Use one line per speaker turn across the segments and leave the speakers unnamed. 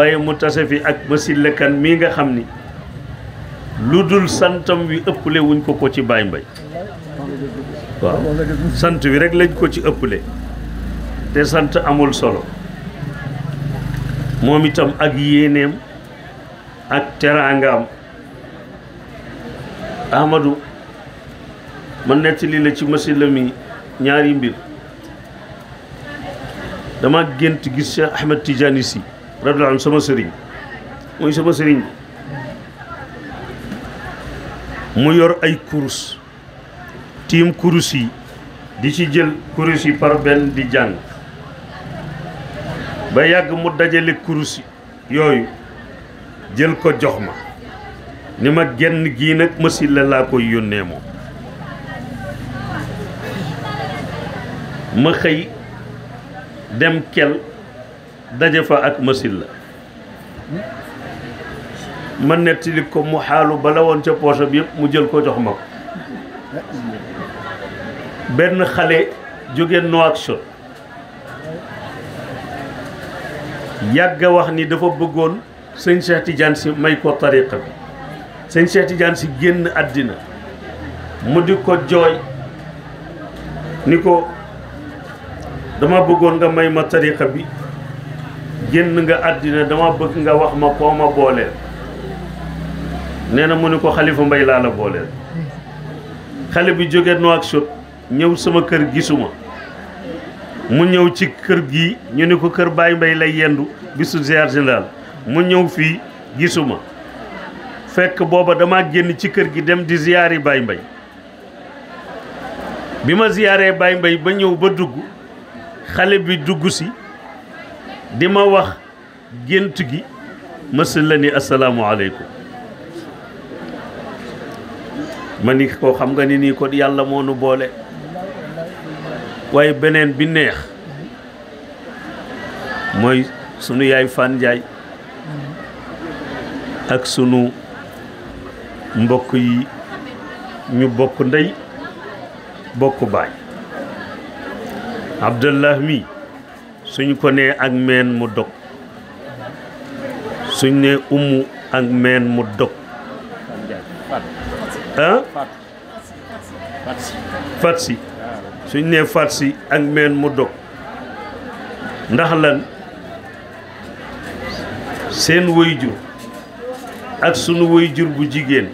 waaye mu tase fi ak Massyla Kane mii nga xam ni lu dul santam wi ëpple wuñ ko ko ci Baye Mbaye waaw sant wi rek lañ ko ci ëpple te sant amul solo moom itam ak yéeneem ak teraangaam Ahmadou ma nettali la ci Massyla mi ñaari mbir dama gént gis Cheikh Ahmed Tidiane Sy radiyallaahu anhu sama sëriñ mooy sama sëriñ mu yor ay kurus tiim kurus yi di ci jël kurus yi par benn di jàng ba yàgg mu dajale kurus yooyu jël ko jox ma ni ma genn gii nag masil la laa koy yónnee moom ma xëy dem kel daje fa ak masil la ma nettali ko mu xaalu bala woon ca poosam yëpp mu jël ko jox ma ko benn xale jóge Nouakchott yàgg a wax ni dafa bëggoon sëñ Cheikh Tidiane si may ko tariqa bi sëñ Cheikh Tidiane si génn àddina mu di ko jooy ni ko dama bëggoon nga may ma tariqa bi génn nga àddina dama bëgg nga wax ma koo ma booleel nee na mu ne ko xalifa mbay laa la booleel xale bi jóge Nouakchott ñëw sama kër gisuma mu ñëw ci kër gi ñu ne ko kër baay Mbay lay yendu bisu ziar général mu ñëw fii gisuma fekk booba dama génn ci kër gi dem di ziyaari Baye Mbay bi ma ziyaaree Baye Mbay ba ñëw ba dugg xale bi dugg si di ma wax gént gi mësul la ni asalaamualeykum ma ni ko xam nga ni nii ko yàlla moo nu boole waaye beneen bi neex mooy sunu yaay Fane ak sunu mbokk yi ñu bokk ndey bokk baay Abdallah mi suñ ko nee ak meen mu dog suñ nee umu ak meen mu dog ah fatsi suñ nee fatsi ak meen mu dog ndax lan seen wëyjur ak sunu jur bu jigéen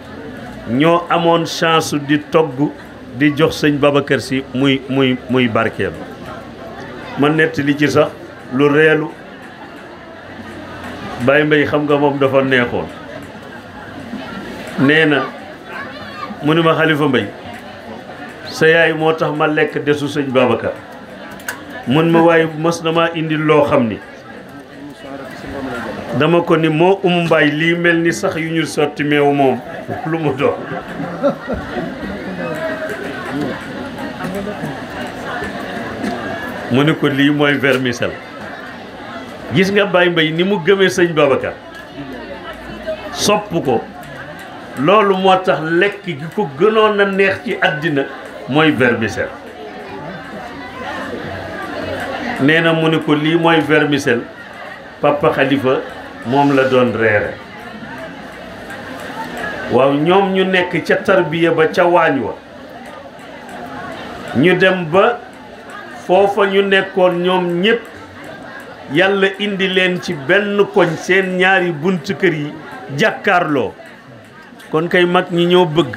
ñoo amoon chance di togg di jox sëñ Babacar Si muy muy muy barkeelu ma nettali ci sax lu reelu Baye Mbaye xam nga moom dafa neexoon nee na mu ni ma Xalifa Mbaye sa yaay moo tax ma lekk desu sëñ Babacar mën ma waaye mos na maa indil loo xam ni dama ko ni moo um mbaay lii mel ni sax yu ñu sotti meew moom lu mu doon mu ne ko lii mooy vermisel gis nga Baye Mbaye ni mu gëmee sëñ Babacar sopp ko loolu moo tax lekk gi ko gënoon a neex ci àddina mooy vermicelle nee na mu ne ko lii mooy vermicelle papa Khalifa moom la doon reere waaw ñoom ñu nekk ca tarbiya ba ca waañ wa ñu dem ba foofa ñu nekkoon ñoom ñépp yàlla indi leen ci benn koñ seen ñaari buntu kër yi jàkkaarloo kon kay mag ñi ñoo bëgg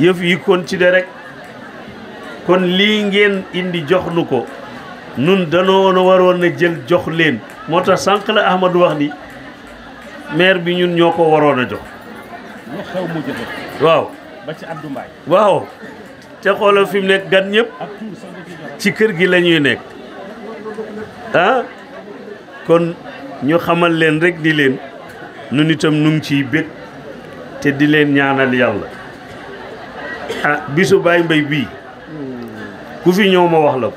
yëf yi kon ci continuer rekk kon lii ngeen indi jox nu ko nun danoo waroon a jël jox leen moo tax sànq la Ahmadou wax ni maire bi ñun ñoo ko waroon a jox. lu xew mu joxe. waaw. ba ci Abdou Mbaye. waaw. te xoolal fi mu nekk gan ñépp ci kër gi lañuy nekk ah kon ñu xamal leen rekk di leen nun itam nu ngi ciy bég te di leen ñaanal yàlla ah bisu baay mbay bii ku fi ñëw ma wax la ko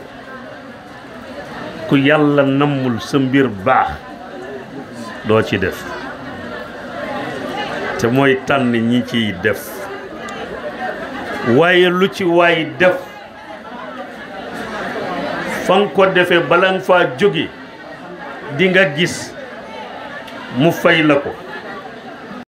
ku yàlla nammul sa mbir baax doo ci def te mooy tànn ñi ciy def waaye lu ci waay def fa ko defee balang faa jóge di nga gis mu fay la ko